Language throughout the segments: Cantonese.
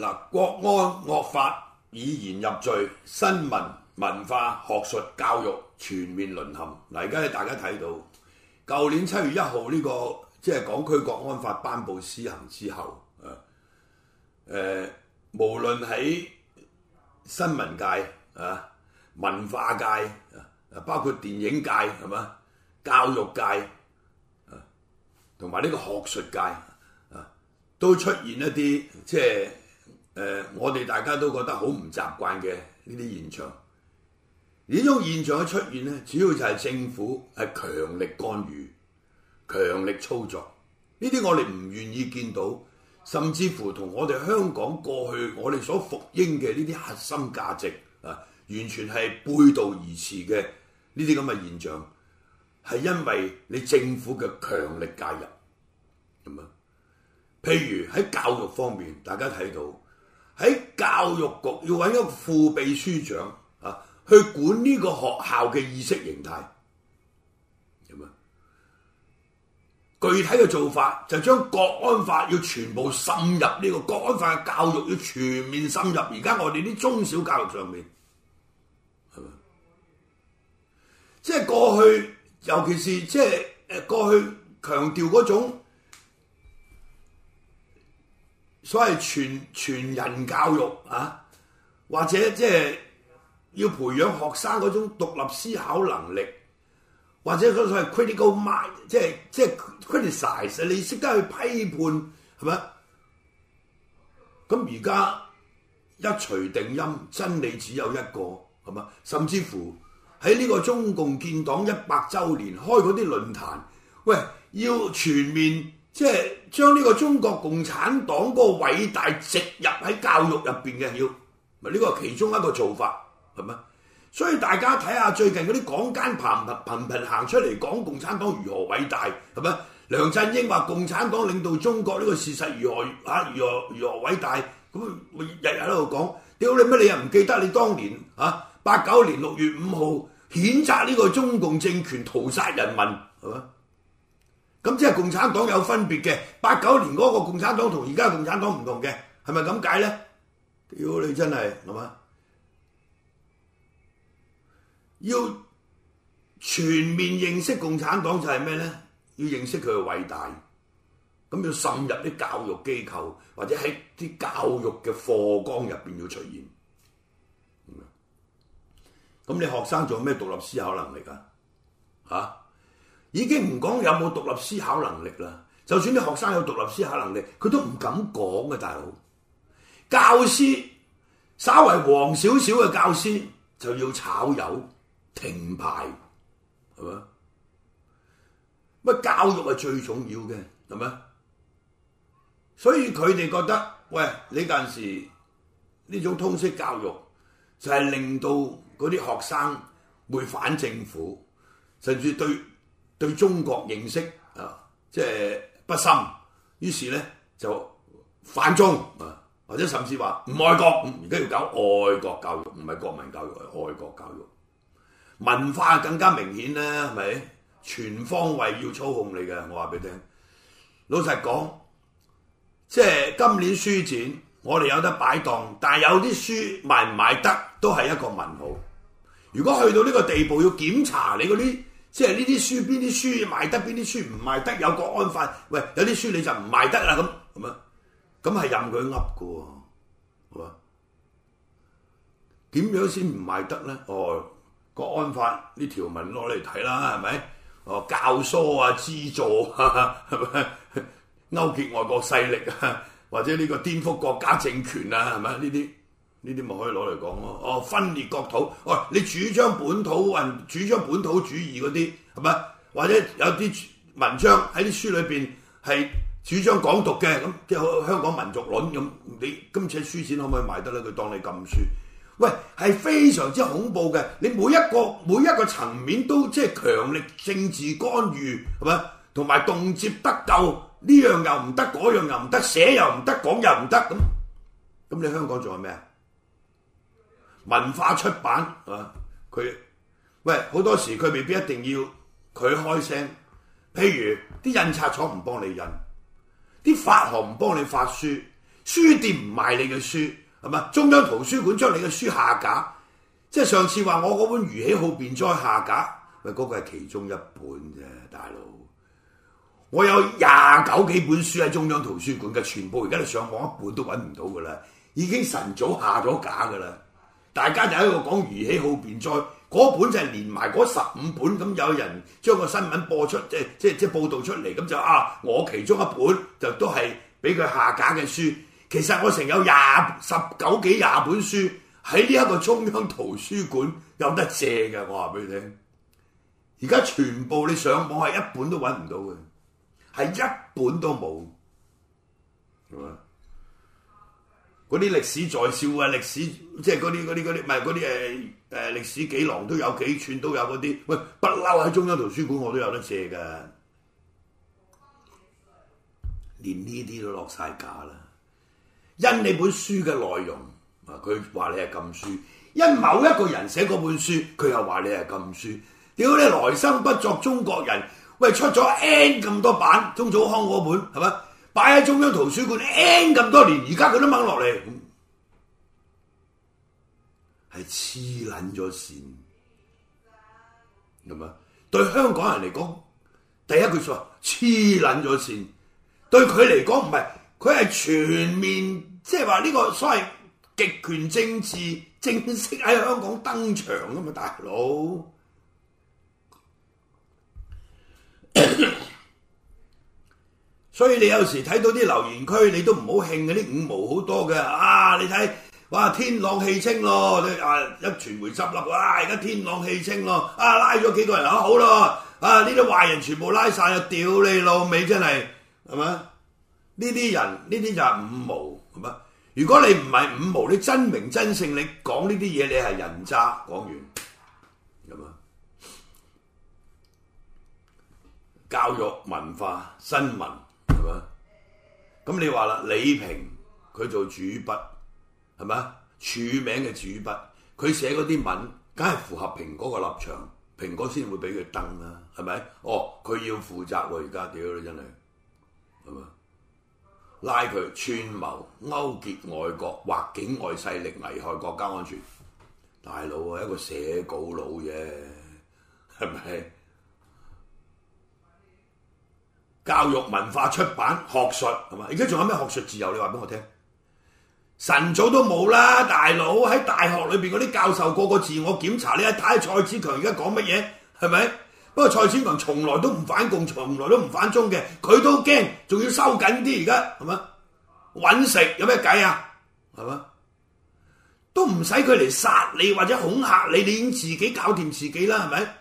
嗱，國安惡法以言入罪，新聞、文化、學術、教育全面淪陷。嗱，而家大家睇到，舊年七月一號呢個即係、就是、港區國安法頒布施行之後，誒、啊、誒、呃，無論喺新聞界啊、文化界啊、包括電影界係嘛、教育界啊，同埋呢個學術界啊，都出現一啲即係、就是誒、呃，我哋大家都覺得好唔習慣嘅呢啲現象，呢種現象嘅出現咧，主要就係政府係強力干預、強力操作，呢啲我哋唔願意見到，甚至乎同我哋香港過去我哋所服膺嘅呢啲核心價值啊，完全係背道而馳嘅呢啲咁嘅現象，係因為你政府嘅強力介入，咁啊，譬如喺教育方面，大家睇到。喺教育局要搵一個副秘書長啊，去管呢個學校嘅意識形態，係咪？具體嘅做法就將國安法要全部滲入呢個國安法嘅教育，要全面滲入而家我哋啲中小教育上面，係咪？即係過去，尤其是即係誒過去強調嗰種。所謂全全人教育啊，或者即係要培養學生嗰種獨立思考能力，或者佢種係 critical mind，即係即係 criticise，你識得去批判係咪？咁而家一錘定音，真理只有一個係咪？甚至乎喺呢個中共建黨一百週年開嗰啲論壇，喂，要全面。即係將呢個中國共產黨嗰個偉大植入喺教育入邊嘅，要咪呢個係其中一個做法係咪？所以大家睇下最近嗰啲港奸頻頻頻行出嚟講共產黨如何偉大係咪？梁振英話共產黨領導中國呢個事實如何嚇、啊、如何如何偉大，咁日日喺度講，屌你乜你又唔記得你當年啊八九年六月五號譴責呢個中共政權屠殺人民係咪？咁即係共產黨有分別嘅，八九年嗰個共產黨同而家共產黨唔同嘅，係咪咁解咧？屌你真係係嘛？要全面認識共產黨就係咩咧？要認識佢嘅偉大，咁要滲入啲教育機構，或者喺啲教育嘅課綱入邊要出現。咁啊？咁你學生仲有咩獨立思考能力啊？嚇？已經唔講有冇獨立思考能力啦，就算啲學生有獨立思考能力，佢都唔敢講嘅，大佬。教師稍為黃少少嘅教師就要炒魷停牌，係嘛？乜教育係最重要嘅，係咪？所以佢哋覺得，喂，呢陣時呢種通識教育就係令到嗰啲學生會反政府，甚至對對中國認識啊，即係不深，於是咧就反中，或者甚至話唔愛國，而家要搞愛國教育，唔係國民教育，係愛國教育。文化更加明顯咧，係咪全方位要操控你嘅？我話俾你聽，老實講，即係今年書展，我哋有得擺檔，但係有啲書賣唔賣得都係一個問號。如果去到呢個地步，要檢查你嗰啲。即係呢啲書，邊啲書賣得，邊啲書唔賣得？有國安法，喂，有啲書你就唔賣得啦，咁咁樣，咁係任佢噏嘅喎，係嘛？點樣先唔賣得咧？哦，國安法呢條文攞嚟睇啦，係咪？哦，教唆啊，資助啊，係咪勾結外國勢力啊，或者呢個顛覆國家政權啊，係咪呢啲？呢啲咪可以攞嚟講咯？哦，分裂國土，哦，你主張本土運、主張本土主義嗰啲係咪？或者有啲文章喺啲書裏邊係主張港獨嘅咁，即係香港民族論咁。你今次書展可唔可以賣得咧？佢當你禁書，喂，係非常之恐怖嘅。你每一個每一個層面都即係強力政治干預係咪？同埋動輒得咎，呢樣又唔得，嗰樣又唔得，寫又唔得，講又唔得咁。咁你香港仲有咩啊？文化出版啊，佢，喂，好多時佢未必一定要佢開聲。譬如啲印刷廠唔幫你印，啲發行唔幫你發書，書店唔賣你嘅書，係咪？中央圖書館將你嘅書下架，即係上次話我嗰本《如喜》後面再下架，咪嗰、嗰個係其中一本啫，大佬。我有廿九幾本書喺中央圖書館嘅，全部而家你上網一本都揾唔到㗎啦，已經晨早下咗架㗎啦。大家就喺度講魚戲濠邊，再嗰本就係連埋嗰十五本，咁有人將個新聞播出，即係即係即係報導出嚟，咁就啊，我其中一本就都係俾佢下架嘅書。其實我成有廿十,十九幾廿本書喺呢一個中央圖書館有得借嘅，我話俾你聽。而家全部你上網係一本都揾唔到嘅，係一本都冇，係嘛？嗰啲歷史在線啊，歷史即係嗰啲嗰啲嗰啲，唔係嗰啲誒誒歷史幾籠都有幾寸都有嗰啲，喂不嬲喺中央圖書館我都有得借㗎，連呢啲都落晒架啦。因你本書嘅內容，啊佢話你係禁書，因某一個人寫嗰本書，佢又話你係禁書。屌你來生不作中國人，喂出咗 N 咁多版，鍾祖康嗰本係咪？擺喺中央圖書館 n 咁多年，而家佢都掹落嚟，係黐撚咗線。咁啊，對香港人嚟講，第一句說話黐撚咗線。對佢嚟講唔係，佢係全面即係話呢個所謂極權政治正式喺香港登場啊嘛，大佬。所以你有時睇到啲留言區，你都唔好興嗰啲五毛好多嘅啊！你睇哇，天朗氣清咯，你啊一傳媒執笠啦，而家天朗氣清咯，啊拉咗幾個人啊好咯，啊呢啲壞人全部拉晒，屌你老味真係係嘛？呢啲人呢啲就係五毛，係嘛？如果你唔係五毛，你真名真姓，你講呢啲嘢，你係人渣講完，係嘛？教育文化新聞。咁你話啦，李平佢做主筆係咪？署名嘅主筆，佢寫嗰啲文，梗係符合蘋果嘅立場，蘋果先會俾佢登啦，啊，係咪？哦，佢要負責喎，啊，而家屌你真係，係咪？拉佢串謀勾結外國或境外勢力危害國家安全，大佬啊，一個寫稿佬啫，係咪？教育、文化、出版、學術，係嘛？而家仲有咩學術自由？你話俾我聽。晨早都冇啦，大佬喺大學裏邊嗰啲教授個個自我檢查，你一睇蔡子強而家講乜嘢，係咪？不過蔡子強從來都唔反共，從來都唔反中嘅，佢都驚，仲要收緊啲而家，係嘛？搵食有咩計啊？係嘛？都唔使佢嚟殺你或者恐嚇你，你已經自己搞掂自己啦，係咪？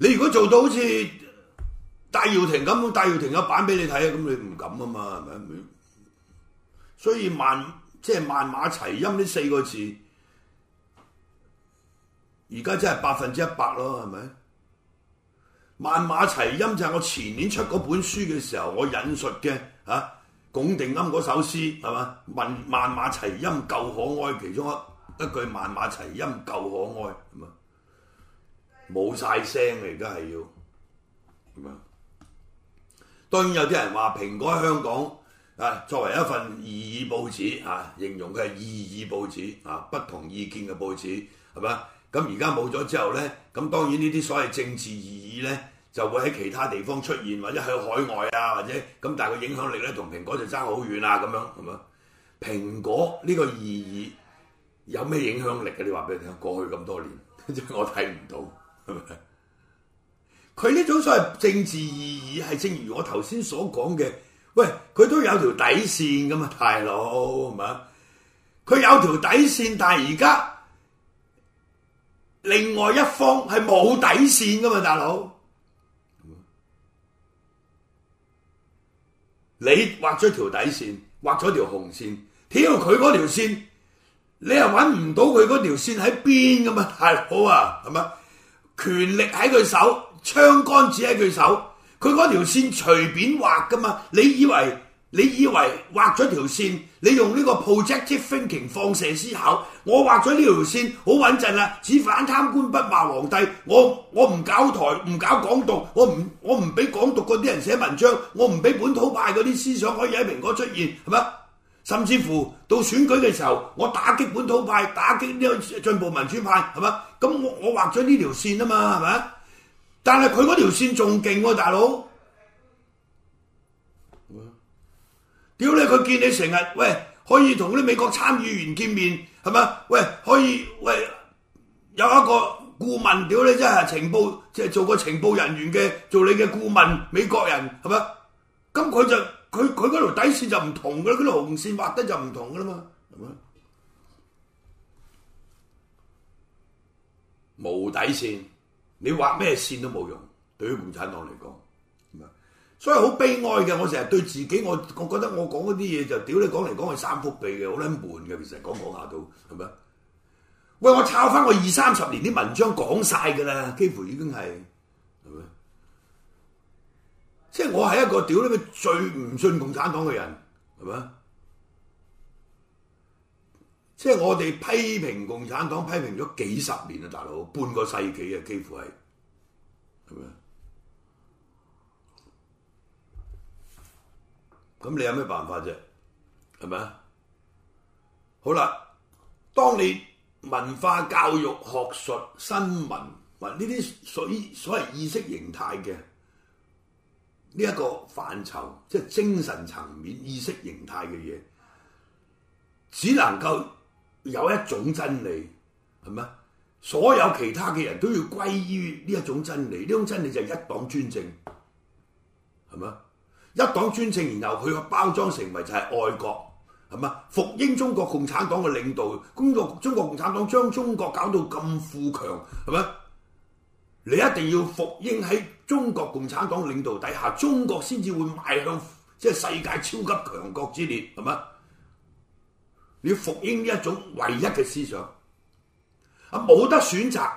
你如果做到好似戴耀廷咁，戴耀廷有版俾你睇啊，咁你唔敢啊嘛，係咪？所以萬即係萬馬齊喑呢四個字，而家真係百分之一百咯，係咪？萬馬齊喑就係、是、我前年出嗰本書嘅時候，我引述嘅啊，龔定庵嗰首詩，係嘛？文萬,萬馬齊喑究可哀，其中一一句萬馬齊喑究可哀。冇晒聲嘅，而家係要點樣？當然有啲人話蘋果喺香港啊，作為一份異議報紙啊，形容佢係異議報紙啊，不同意見嘅報紙係咪啊？咁而家冇咗之後呢，咁當然呢啲所謂政治異議呢，就會喺其他地方出現，或者喺海外啊，或者咁，但係佢影響力呢，同蘋果就爭好遠啊！咁樣係咪啊？蘋果呢個異議有咩影響力啊？你話俾我聽，過去咁多年， 我睇唔到。佢呢種所謂政治意義，係正如我頭先所講嘅，喂，佢都有條底線噶嘛，大佬係嘛？佢有條底線，但係而家另外一方係冇底線噶嘛，大佬。吧你畫咗條底線，畫咗條紅線，跳佢嗰條線，你又搵唔到佢嗰條線喺邊噶嘛，大佬啊，係嘛？權力喺佢手，槍桿子喺佢手，佢嗰條線隨便畫㗎嘛？你以為你以為畫咗條線，你用呢個 projective thinking 放射思考，我畫咗呢條線好穩陣啊！只反貪官不罵皇帝，我我唔搞台，唔搞港獨，我唔我唔俾港獨嗰啲人寫文章，我唔俾本土派嗰啲思想可以喺蘋果出現，係咪甚至乎到選舉嘅時候，我打擊本土派，打擊呢個進步民主派，係嘛？咁我我畫咗呢條線啊嘛，係咪啊？但係佢嗰條線仲勁喎，大佬。屌你麼！佢見你成日喂，可以同啲美國參議員見面，係咪啊？喂，可以喂有一個顧問，屌你真係情報，即係做個情報人員嘅，做你嘅顧問，美國人係咪啊？咁佢就。佢佢嗰條底線就唔同噶啦，嗰條紅線畫得就唔同噶啦嘛，係咪？冇底線，你畫咩線都冇用，對於共產黨嚟講，係咪，所以好悲哀嘅。我成日對自己，我我覺得我講嗰啲嘢就屌你，講嚟講去三幅被嘅，好撚悶嘅，其實講講下都係咪？喂，我抄翻我二三十年啲文章講晒噶啦，幾乎已經係。即係我係一個屌你咪最唔信共產黨嘅人，係咪？即係我哋批評共產黨批評咗幾十年啊，大佬半個世紀啊，幾乎係，係咪？咁你有咩辦法啫？係咪啊？好啦，當你文化教育、學術、新聞或呢啲屬於所謂意識形態嘅。呢一個範疇，即係精神層面意識形態嘅嘢，只能夠有一種真理，係咪啊？所有其他嘅人都要歸於呢一種真理，呢種真理就係一黨專政，係咪啊？一黨專政，然後佢包裝成為就係愛國，係咪啊？服膺中國共產黨嘅領導，中國中國共產黨將中國搞到咁富強，係咪啊？你一定要服膺喺中國共產黨領導底下，中國先至會邁向即係世界超級強國之列，係嘛？你要服膺呢一種唯一嘅思想，啊冇得選擇。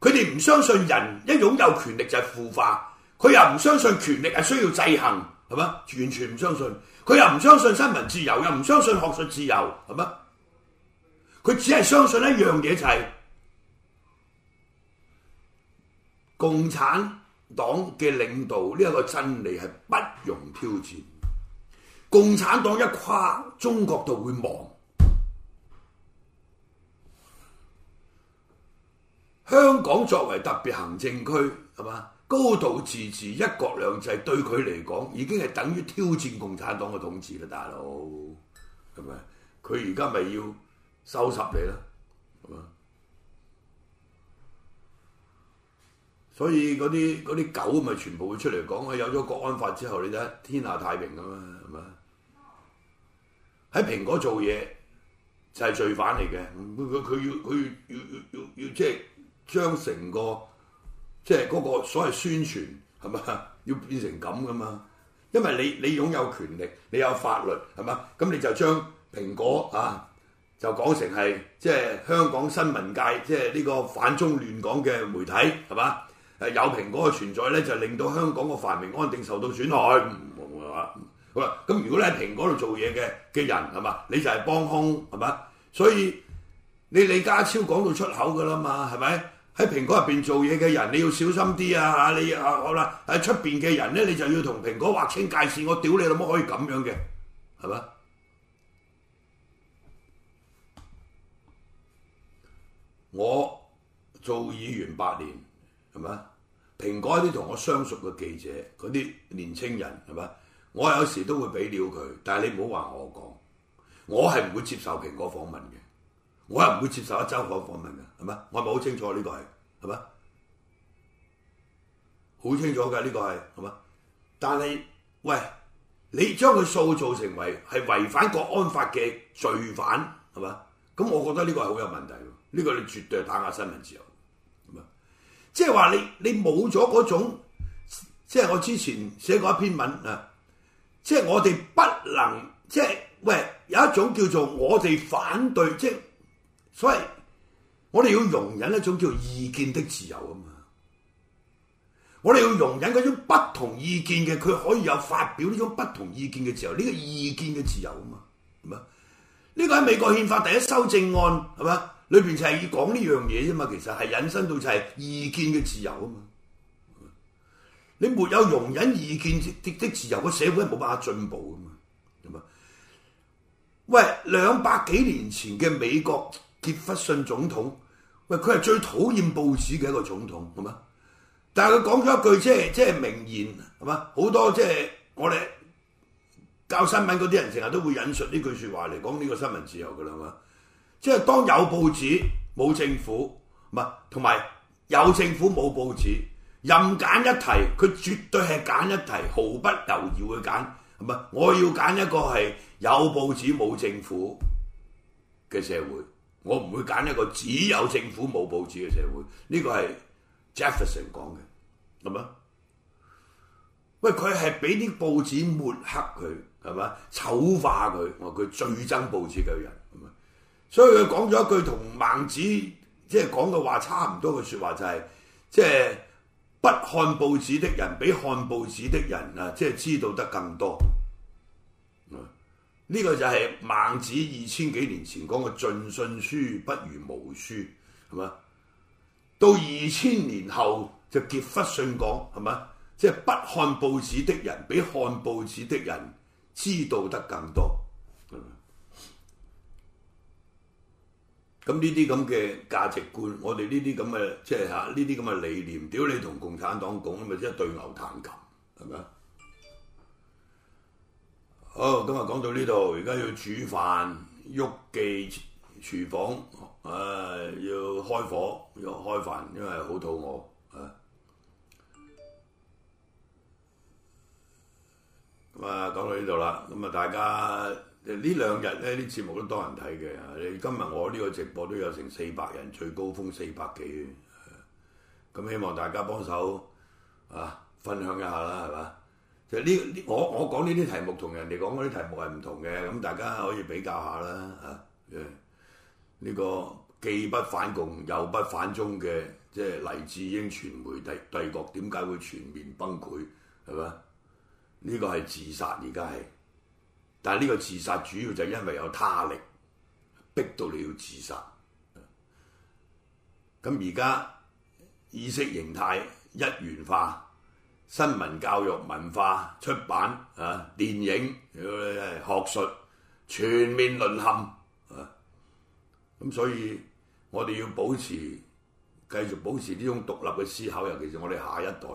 佢哋唔相信人一擁有權力就係腐化，佢又唔相信權力係需要制衡，係嘛？完全唔相信，佢又唔相信新聞自由，又唔相信學術自由，係嘛？佢只係相信一樣嘢就係、是。共產黨嘅領導呢一個真理係不容挑戰。共產黨一垮，中國就會亡。香港作為特別行政區，係嘛高度自治、一國兩制，對佢嚟講已經係等於挑戰共產黨嘅統治啦，大佬，係咪？佢而家咪要收拾你囉，係嘛？所以嗰啲啲狗咪全部會出嚟講，有咗國安法之後，你睇天下太平噶嘛？係嘛？喺蘋果做嘢就係、是、罪犯嚟嘅，佢佢要佢要要要即係將成個即係嗰個所謂宣傳係嘛，要變成咁噶嘛？因為你你擁有權力，你有法律係嘛？咁你就將蘋果啊就講成係即係香港新聞界即係呢個反中亂港嘅媒體係嘛？有蘋果嘅存在咧，就令到香港嘅繁榮安定受到損害，好啦。咁如果你喺蘋果度做嘢嘅嘅人係嘛？你就係幫兇係嘛？所以你李家超講到出口噶啦嘛，係咪喺蘋果入邊做嘢嘅人你要小心啲啊嚇！你好啦，喺出邊嘅人咧，你就要同蘋果劃清界線，我屌你老母可以咁樣嘅係嘛？我做議員八年係嘛？蘋果啲同我相熟嘅記者，嗰啲年青人係嘛？我有時都會俾料佢，但係你唔好話我講，我係唔會接受蘋果訪問嘅，我又唔會接受壹週刊訪問嘅，係嘛？我咪好清楚呢個係係嘛？好清楚㗎，呢個係係嘛？但係喂，你將佢塑造成為係違反國安法嘅罪犯係嘛？咁我覺得呢個係好有問題，呢個你絕對係打壓新聞自由。即係話你你冇咗嗰種，即係我之前寫過一篇文啊，即係我哋不能即係喂，有一種叫做我哋反對即係，所以我哋要容忍一種叫做意見的自由啊嘛，我哋要容忍嗰種不同意見嘅，佢可以有發表呢種不同意見嘅自由，呢個意見嘅自由啊嘛，係嘛？呢個喺美國憲法第一修正案係嘛？裏邊就係要講呢樣嘢啫嘛，其實係引申到就係意見嘅自由啊嘛。你沒有容忍意見的的自由，個社會係冇辦法進步噶嘛。係嘛？喂，兩百幾年前嘅美國傑弗遜總統，喂佢係最討厭報紙嘅一個總統，係嘛？但係佢講咗一句即係即係名言，係嘛？好多即係我哋教新聞嗰啲人成日都會引述呢句說話嚟講呢個新聞自由噶啦，係嘛？即係當，有報紙冇政府，唔係同埋有政府冇報紙，任揀一題，佢絕對係揀一題毫不猶豫去揀，唔係我要揀一個係有報紙冇政府嘅社會，我唔會揀一個只有政府冇報紙嘅社會。呢個係 Jefferson 講嘅，係嘛？喂，佢係俾啲報紙抹黑佢，係咪？醜化佢，我佢最憎報紙嘅人。所以佢講咗一句同孟子即係講嘅話差唔多嘅説話，就係即係不看報紙的人比看報紙的人啊，即係知道得更多。呢個就係孟子二千幾年前講嘅盡信書不如無書，係嘛？到二千年後就傑佛遜講，係嘛？即係不看報紙的人比看報紙的人知道得更多。咁呢啲咁嘅價值觀，我哋呢啲咁嘅即係嚇呢啲咁嘅理念，屌你同共產黨講，咪即係對牛彈琴，係咪啊？好，今日講到呢度，而家要煮飯，喐記廚房，誒、呃、要開火，要開飯，因為好肚餓啊。咁啊，講到呢度啦，咁啊，大家。誒，呢兩日呢啲節目都多人睇嘅，你今日我呢個直播都有成四百人，最高峰四百幾，咁希望大家幫手啊，分享一下啦，係嘛？就呢呢我我講呢啲題目同人哋講嗰啲題目係唔同嘅，咁的大家可以比較下啦嚇。誒，呢個既不反共又不反中嘅，即係黎智英傳媒帝帝國點解會全面崩潰係咪？呢個係自殺而家係。但係呢個自殺主要就因為有他力逼到你要自殺，咁而家意識形態一元化，新聞、教育、文化、出版啊、電影、啊、學術全面淪陷啊，咁、啊、所以我哋要保持繼續保持呢種獨立嘅思考，尤其是我哋下一代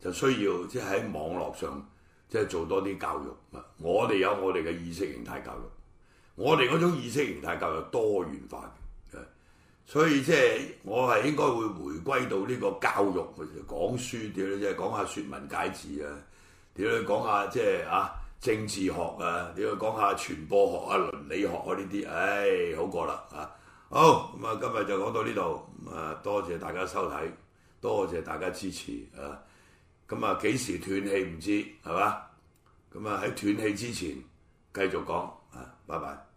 就需要即係喺網絡上。即係做多啲教育，我哋有我哋嘅意識形態教育，我哋嗰種意識形態教育多元化嘅，所以即係我係應該會回歸到呢個教育，講書點樣，即係講下説文解字啊，點樣講下即係啊政治學啊，點樣講下傳播學啊、倫理學啊呢啲，唉、哎、好過啦啊，好咁啊，今日就講到呢度，啊多謝大家收睇，多謝大家支持啊。咁啊，幾時斷氣唔知，係嘛？咁啊，喺斷氣之前繼續講，啊，拜拜。